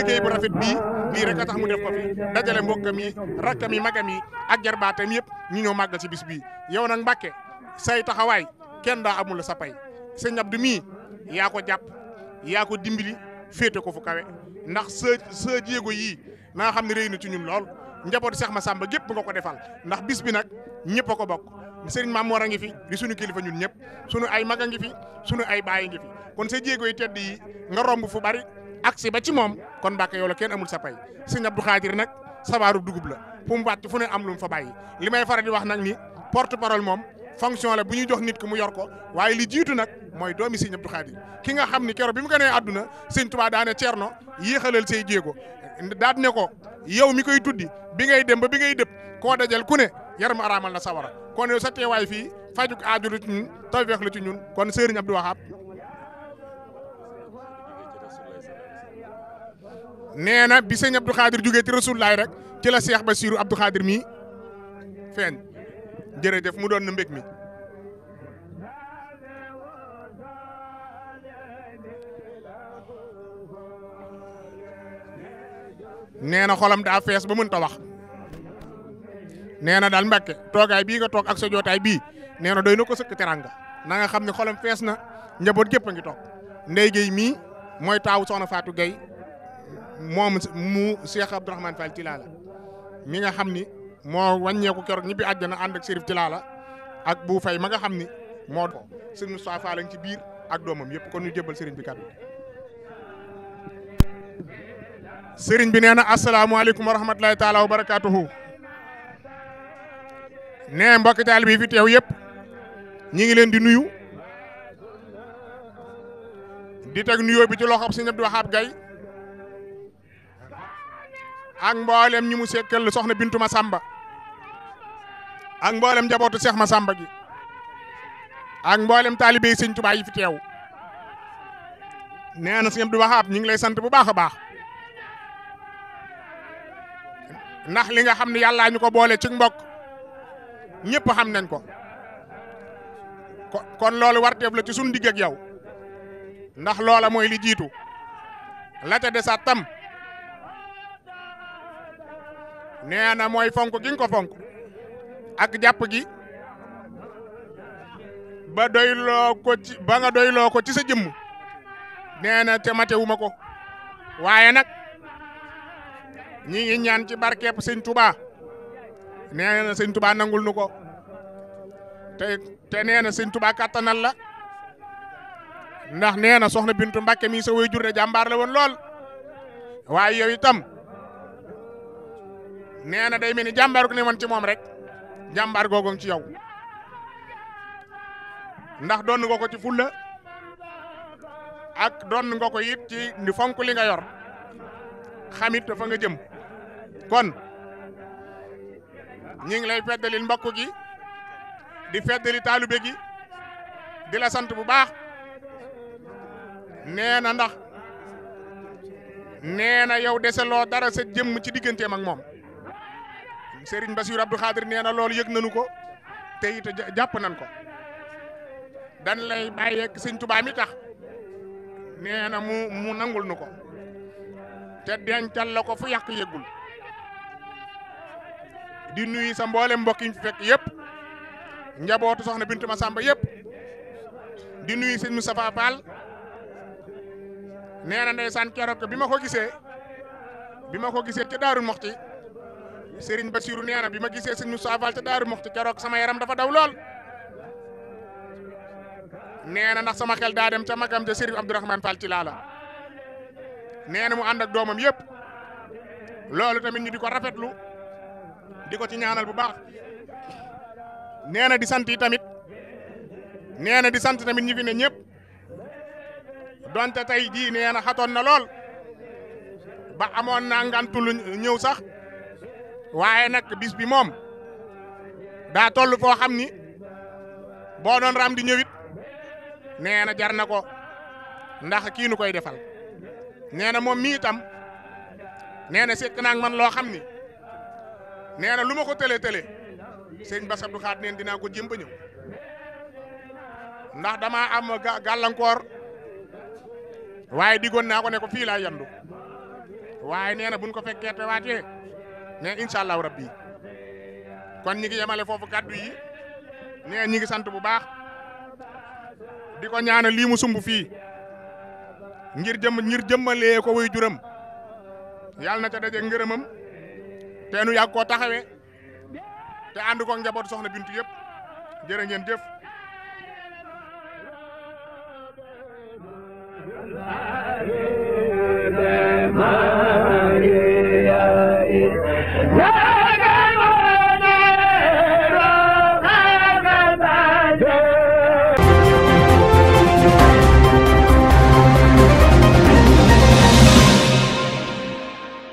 liggéey bu rafet bii lii rek a tax mu def ko fi dajale mbokkam yi si bis bii yow nag Mbàkke say taxawaay kenn daa amul sa pay sëñ Abdu mii yaa ko jàpp yaa ko dimbali féete ko fu kawe ndax sa sa jéego yii naa xam ne réy ci ñun lool njaboot Seex Masamba gépp nga ko defal ndax bis bi nag ñëpp ko bokk sëriñ Maam Mor ngi fi di suñu kilifa ñun ñëpp sunu ay mag a ngi fi sunu ay baay ngi fi kon sa jéego yi tedd yi nga romb fu bari agsi ba ci moom kon Mbàkke yow la kenn amul sa pay sëñ Abdou Khadir nag sabaaru dugub la fu mu wàcc fu ne am lu mu fa bàyyi li may faral di wax nag ni porte parole moom fonction la bu ñuy jox nit ki mu yor ko waaye li jiitu nag mooy doomi sëñ Abdou Khadir ki nga xam ni keroog bi mu gënee àdduna sëñ Tuubaa daane Ceerno yéexalal say jéego daat ne ko yow mi koy tuddi bi ngay dem ba bi ngay dëpp koo dajal ku ne yaram araamal na sawara kon yow sa teewaay fii fajuk aaju la ci ñun tawfeex la ci nee na bi sëñ Abdou Khadir jógee ci Rasulullaay rek ci la Seex Basiiru Abdou Khadir mii feeñ jërëjëf mu doon na mbég mi nee na xolam daa fees ba mënta wax nee na daal Mbàkke toogaay bii nga toog ak sa jootaay bii nee na doy na ko sëkk teranga na xam ne xolam fees na njaboot gépp a ngi toog ndey géey mii mooy taawu soxna faatu gay moom mu Cheikh Abdourahmane Fall Tilala mi nga xam ni moo wàññeeku keroog ñibbi àjjana ànd ak Serif Tilala ak bu fay ma nga xam ni moo ko sëriñ ci biir ak doomam yëpp kon ñu jébbal sëriñ bi kàddu sëriñ bi nee na asalaamaaleykum wa rahmatulahi taala wa barakaatuhu nee mbokki taalibe fi teew yëpp ñi ngi leen di nuyu di teg nuyoo bi ci loxob sëñ Abdou Wahab Gaye ak mboolem ñi mu sekkal soxna Bintu Masamba ak mboolem njabootu ma sàmba gi ak mboolem taalibe yi Sëñ Tuubaa yi fi teew nee na sëñ Abdou Wahab ñu ngi lay sant bu baax a baax ndax li nga xam ne yàllaa ñu ko boole ci mbokk ñëpp xam nañ ko kon loolu warteef la ci suñu digg ak yow ndax loola mooy li jiitu la ca desaat tam. nee na mooy fonk gi ko fonk ak jàpp gi ba doyloo ko ci ba nga doyloo ko ci sa jëmm nee na te matewuma ko waaye nag ñi ngi ñaan ci barkeep sëñ Touba nee na sëñ Touba nangul nu ko te te nee na sëñ Touba la ndax nee na soxna Bintu Mbàkke mi sa waajur de jàmbaar la woon lool waaye yow itam. nee na day mel ni jàmbaar ko ne woon ci moom rek jàmbaar googu ci yow ndax doon nga ko ci fulla ak doon nga ko it ci ni fonk li nga yor xamit fa nga jëm kon ñi ngi lay feddalil mbokk gi di feddali taalube gi di la sant bu baax nee na ndax nee na yow deseloo dara sa jëmm ci digganteem ak moom Serigne Bassirou Abdou Khadir nee na loolu yëg nañu ko te it jàpp nañ ko dan lay bàyyeeg sëñ Tuubaa mi tax nee na mu mu nangul nu ko te dencal la ko fu yàq yëggul di nuyu sa mboole mbokk yi fi fekk yëpp njabootu soxna Bintu Masamba yëpp di nuyu sëñ Moustapha Fall nee na ndeysaan keroog bi ma ko gisee bi ma ko gisee ci Daaru Moxti Serigne Bassirou nee na bi ma gisee sëñ Moussa Fall ca Daaru Muxti keroog sama yaram dafa daw lool nee ndax sama xel daa dem ca magam ja Serigne Abdourahmane Fall ci laala nee mu ànd ak doomam yépp loolu tamit ñu di ko rafetlu di ko ci ñaanal bu baax nee na di sant yi tamit nee na di sant tamit ñi fi ne ñëpp donte tey jii nee na xatoon na lool ba amoon naa ngantu lu ñëw sax. waaye nag bis bi moom daa toll foo xam ni boo doon ram di ñëwit nee na jar na ko ndax kii nu koy defal nee na moom mi itam nee na sekk man loo xam ni nee na lu ma ko tëlee tëlee sëñ Bass Abdou Khadre neen dinaa ko jëm ba ñëw ndax dama am gàllankoor waaye diggoon naa ko ne ko fii laa yandu waaye nee na buñ ko fekkee te waatee ne incha allah rabbi kon ñi ngi yemale foofu kàddu yi ne ñi ngi sant bu baax di ko ñaan lii mu sumb fii ngir jëm ngir jëmmalee ko way juram yàlla na ca daje ngërëmam te nu yàgg koo taxawee te ànd ko njaboot soxna Bintu yëpp jërë jëf.